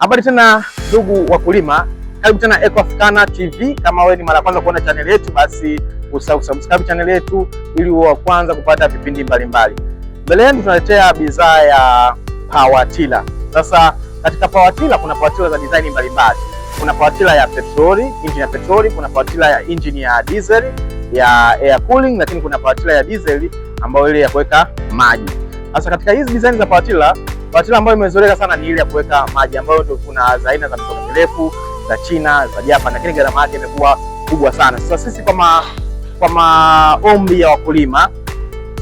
Habari tena ndugu wakulima, karibu tena Eco Africana TV. Kama wewe ni mara ya kwanza kuona channel yetu, basi usahau subscribe channel yetu ili uwe wa kwanza kupata vipindi mbalimbali. Mbele yetu tunaletea bidhaa ya power tiller. Sasa katika power tiller kuna power tiller za design mbalimbali. Kuna power tiller ya petroli, injini ya petroli, kuna power tiller ya injini ya diesel, ya air cooling, lakini kuna power tiller ya diesel ambayo ile ya kuweka maji. Sasa katika hizi design za power tiller Batila ambayo imezoeleka sana ni ile ya kuweka maji, ambayo kuna za aina za mikono mirefu za China za Japan, lakini gharama yake imekuwa kubwa sana. Sasa sisi kwa maombi ya wakulima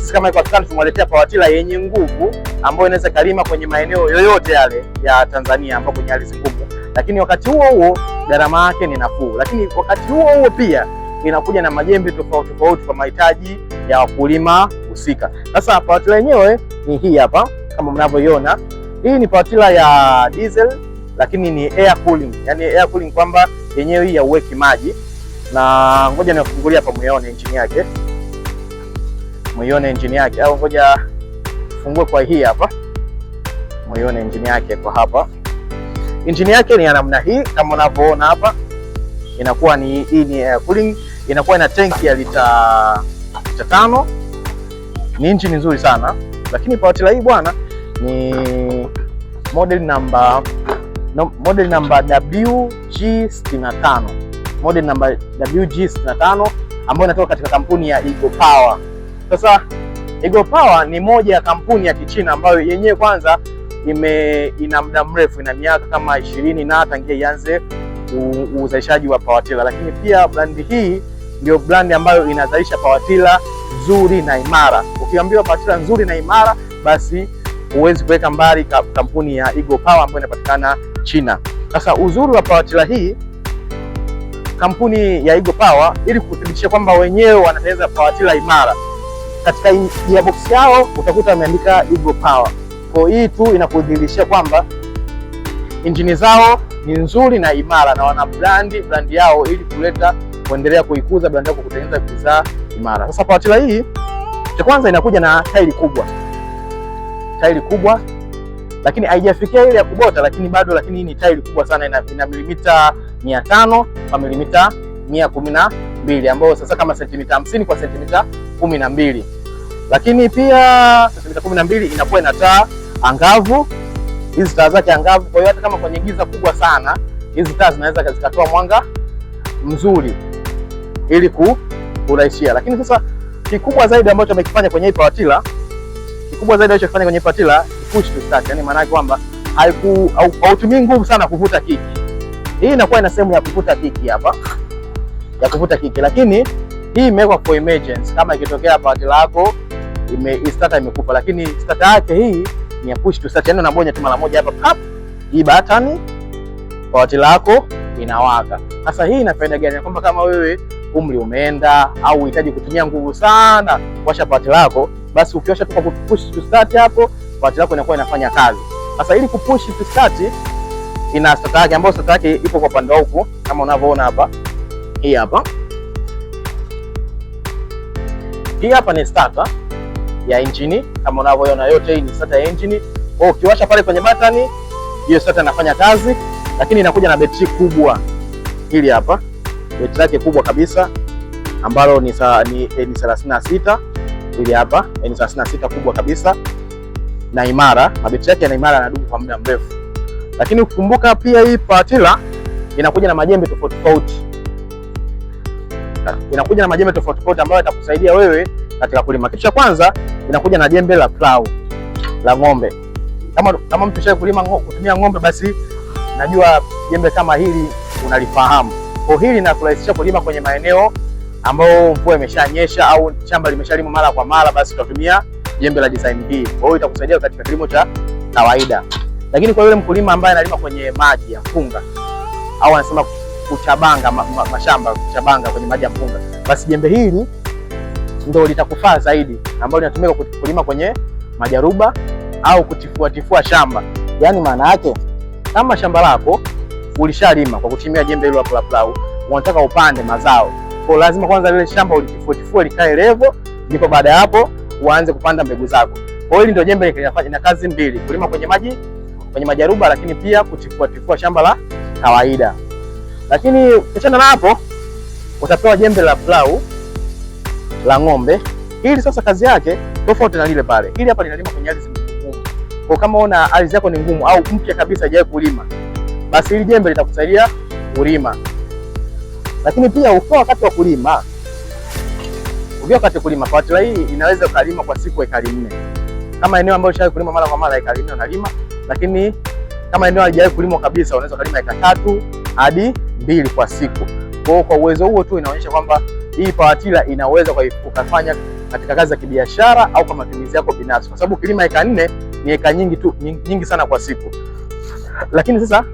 sisi kama Ecoagriculture tumewaletea pawatila yenye nguvu ambayo inaweza kalima kwenye maeneo yoyote yale ya Tanzania ambapo kwenye ardhi kubwa, lakini wakati huo huo gharama yake ni nafuu, lakini wakati huo huo pia inakuja na majembe tofauti tofauti kwa mahitaji ya wakulima husika. Sasa pawatila yenyewe ni hii hapa kama mnavyoiona. Hii ni patila ya diesel, lakini ni air cooling, yani air cooling kwamba yenyewe hii hauweki maji, na ngoja niwafungulia hapa muione engine yake, muione engine yake, au ngoja fungue kwa hii hapa, muione engine yake kwa hapa. Engine yake ni ya namna hii kama unavyoona hapa, inakuwa ni hii ni air cooling, inakuwa ina tanki ya lita lita tano. Ni engine nzuri sana, lakini patila hii bwana ni model number no, model number WG65 model number WG65 ambayo inatoka katika kampuni ya Eagle Power. Sasa Eagle Power ni moja ya kampuni ya Kichina ambayo yenyewe kwanza ime ina muda mrefu, ina miaka kama ishirini na tangia ianze uzalishaji wa pawatila, lakini pia brandi hii ndio brandi ambayo inazalisha pawatila nzuri na imara. Ukiambiwa pawatila nzuri na imara, basi huwezi kuweka mbali kampuni ya Eagle Power ambayo inapatikana China. Sasa uzuri wa pawatila hii kampuni ya Eagle Power ili kuthibitisha kwamba wenyewe wanatengeneza pawatila imara, katika gearbox yao utakuta wameandika Eagle Power. Kwa hii tu inakudhihirishia kwamba injini zao ni nzuri na imara, na wana brandi brandi yao ili kuleta kuendelea kuikuza brandi yao kwa kutengeneza bidhaa imara. Sasa pawatila hii cha kwanza inakuja na tairi kubwa tairi kubwa, lakini haijafikia ile ya kubota, lakini bado, lakini hii ni tairi kubwa sana, ina, ina milimita 500 kwa milimita 112 ambayo sasa kama sentimita 50 kwa sentimita 12, lakini pia sentimita 12 inakuwa ina taa angavu. Hizi taa zake angavu, kwa hiyo hata kama kwenye giza kubwa sana hizi taa zinaweza zikatoa mwanga mzuri ili kurahisishia. Lakini sasa kikubwa zaidi ambacho amekifanya kwenye hii pawatila Kikubwa zaidi alichofanya kwenye patila ni push to start, yani maana yake kwamba hautumii nguvu sana kuvuta kiki. Hii inakuwa ina sehemu ya kuvuta kiki hapa ya kuvuta kiki, lakini hii imewekwa for emergency, kama ikitokea patila yako ime start imekufa, lakini start yake hii ni ya push to start, yani unabonya tu mara moja hapa pap, hii button kwa patila yako inawaka. Sasa hii ina faida gani? Kwamba kama wewe umri umeenda au unahitaji kutumia nguvu sana kuwasha patila lako basi ukiwasha tu kwa kupush to start hapo battery yako inakuwa inafanya kazi. Sasa ili kupush to start ina starter yake ambayo starter yake ipo kwa pande huku kama unavyoona hapa. Hii hapa. Hii hapa ni starter ya engine kama unavyoona, yote hii ni starter ya engine. Kwa hiyo ukiwasha pale kwenye button hiyo starter inafanya kazi, lakini inakuja na betri kubwa. Hili hapa betri yake kubwa kabisa ambalo ni, sa, ni, eh, ni 36 hili hapa ni yaani 36 kubwa kabisa na imara, mabetri yake yana imara, yanadumu kwa muda mrefu. Lakini ukikumbuka pia hii patila inakuja na majembe tofauti tofauti, inakuja na majembe tofauti tofauti ambayo yatakusaidia wewe katika kulima. Kitu cha kwanza inakuja na jembe la plau la ng'ombe. Kama kama mtu shaye kulima kutumia ng'ombe, basi najua jembe kama hili unalifahamu. Kwa hili linakurahisisha kulima kwenye maeneo ambao mvua imeshanyesha au shamba limeshalimwa mara kwa mara, basi tutatumia jembe la design B. Kwa hiyo itakusaidia katika kilimo cha kawaida, lakini kwa yule mkulima ambaye analima kwenye maji ya mpunga au anasema kuchabanga ma, ma, mashamba kuchabanga kwenye maji ya mpunga, basi jembe hili ndio litakufaa zaidi, ambalo linatumika kulima kwenye majaruba au kutifua tifua shamba. Yaani maana yake kama shamba lako ulishalima kwa kutumia jembe hilo la pulapula, unataka upande mazao kwa lazima kwanza lile shamba ulitifue likae level, ndipo baada ya hapo uanze kupanda mbegu zako. Kwa hiyo ndio jembe linafanya na kazi mbili, kulima kwenye maji kwenye majaruba, lakini pia kutifua tifua shamba la kawaida. Lakini kuchana na hapo utapewa jembe la plau la ng'ombe. Hili sasa kazi yake tofauti na lile pale. Hili hapa linalima kwenye ardhi ngumu. Kwa kama una ardhi yako ni ngumu au mpya kabisa haijawahi kulima, basi hili jembe litakusaidia kulima lakini pia hufaa wakati wa kulima. ukiwa wakati kulima, kwa trela hii inaweza ukalima kwa siku ekari nne kama eneo ambalo ushawahi kulima mara kwa mara ekari nne unalima, lakini kama eneo halijawahi kulimwa kabisa unaweza kulima eka tatu hadi mbili kwa siku. Kwa kwa uwezo huo tu inaonyesha kwamba hii pawatila inaweza kwa ukafanya katika kazi za kibiashara au kwa matumizi yako binafsi, kwa sababu kilima eka nne ni eka nyingi tu, nyingi sana kwa siku. Lakini sasa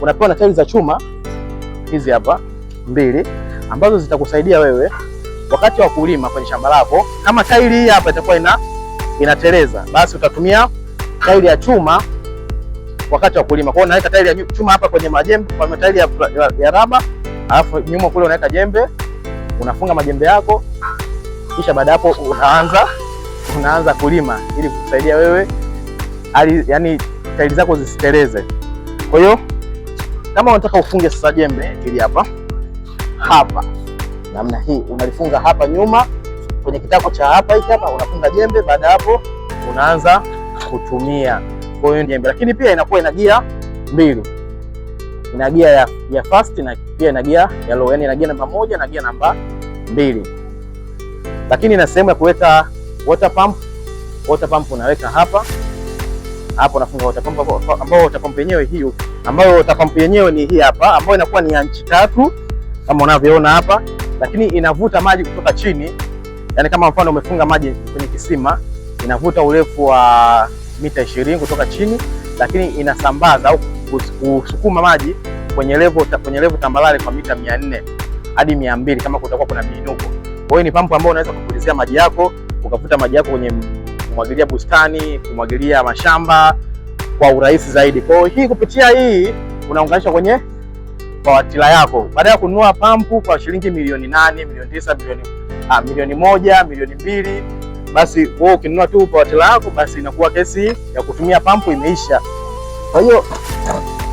unapewa na tairi za chuma hizi hapa mbili ambazo zitakusaidia wewe wakati wa kulima kwenye shamba lako. Kama tairi hii hapa itakuwa ina inateleza, basi utatumia tairi ya chuma wakati wa kulima. Kwa hiyo unaweka tairi ya chuma hapa kwenye majembe, kwa tairi ya, ya, ya raba, alafu nyuma kule unaweka jembe, unafunga majembe yako, kisha baada hapo unaanza unaanza kulima ili kukusaidia wewe ali, yani tairi zako zisiteleze. Kwa hiyo kama unataka ufunge sasa jembe hili hapa hapa namna hii, unalifunga hapa nyuma kwenye kitako cha hapa hiki hapa, unafunga jembe. Baada hapo unaanza kutumia kwa hiyo jembe, lakini pia inakuwa ina gia mbili, ina gia ya, ya fast na pia ina gia ya low, yani ina gia namba moja na gia namba mbili, lakini ina sehemu ya kuweka water pump. Water pump unaweka hapa hapo, unafunga water pump, ambayo water pump yenyewe hiyo, ambayo water pump yenyewe ni hii hapa, ambayo inakuwa ni ya nchi tatu kama unavyoona hapa, lakini inavuta maji kutoka chini, yani kama mfano umefunga maji kwenye kisima, inavuta urefu wa mita 20 kutoka chini, lakini inasambaza au kusukuma maji kwenye level kwenye level tambalale kwa mita 400 hadi 200 kama kutakuwa kuna miinuko. Kwa hiyo ni pampu ambayo unaweza kupulizia maji yako ukavuta maji yako kwenye kumwagilia bustani, kumwagilia mashamba kwa urahisi zaidi. Kwa hiyo hii kupitia hii unaunganisha kwenye kwa watila yako baada ya kununua pampu kwa shilingi milioni nane milioni tisa milioni a, ah, milioni moja milioni mbili basi wewe ukinunua tu kwa watila yako, basi inakuwa kesi ya kutumia pampu imeisha. Kwa hiyo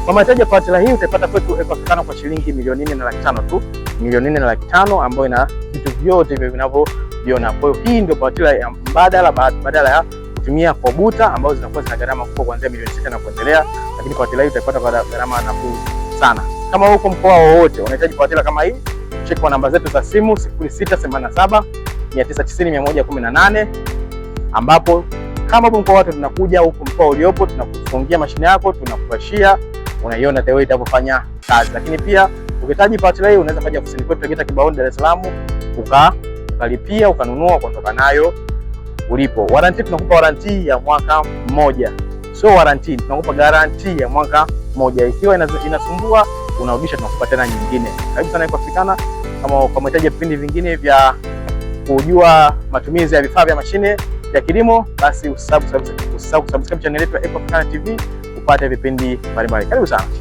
kwa mahitaji ya pawatila hii utaipata kwetu patikana kwa shilingi milioni nne na laki tano tu, milioni nne na laki tano ambayo ina vitu vyote hivyo vinavyoviona. Kwa hiyo hii ndio ya mbadala badala ya kutumia kobuta ambazo zinakuwa zina gharama kubwa kuanzia milioni sita na kuendelea, lakini kwa pawatila hii utaipata kwa gharama nafuu sana. Kama uko mkoa wowote unahitaji kuwatela kama hii, cheki kwa namba zetu za simu 0687 ambapo kama upo mkoa wote tunakuja huko mkoa uliopo, tunakufungia mashine yako, tunakufashia, unaiona tayari itavyofanya kazi. Lakini pia ukihitaji pawatela hii unaweza kaja ofisini kwetu Tegeta Kibaoni, Dar es Salaam, uka ukalipia ukanunua kuondoka nayo ulipo. Warranty tunakupa warranty ya mwaka mmoja, sio warranty, tunakupa guarantee ya mwaka mmoja. Ikiwa inasumbua unarudisha, tunakupa tena nyingine. Karibu sana Ecoafricana. Kama kwa mahitaji ya vipindi vingine vya kujua matumizi ya vifaa vya mashine vya kilimo, basi usisahau kusubscribe channel yetu ya Ecoafricana TV upate vipindi mbalimbali. Karibu sana.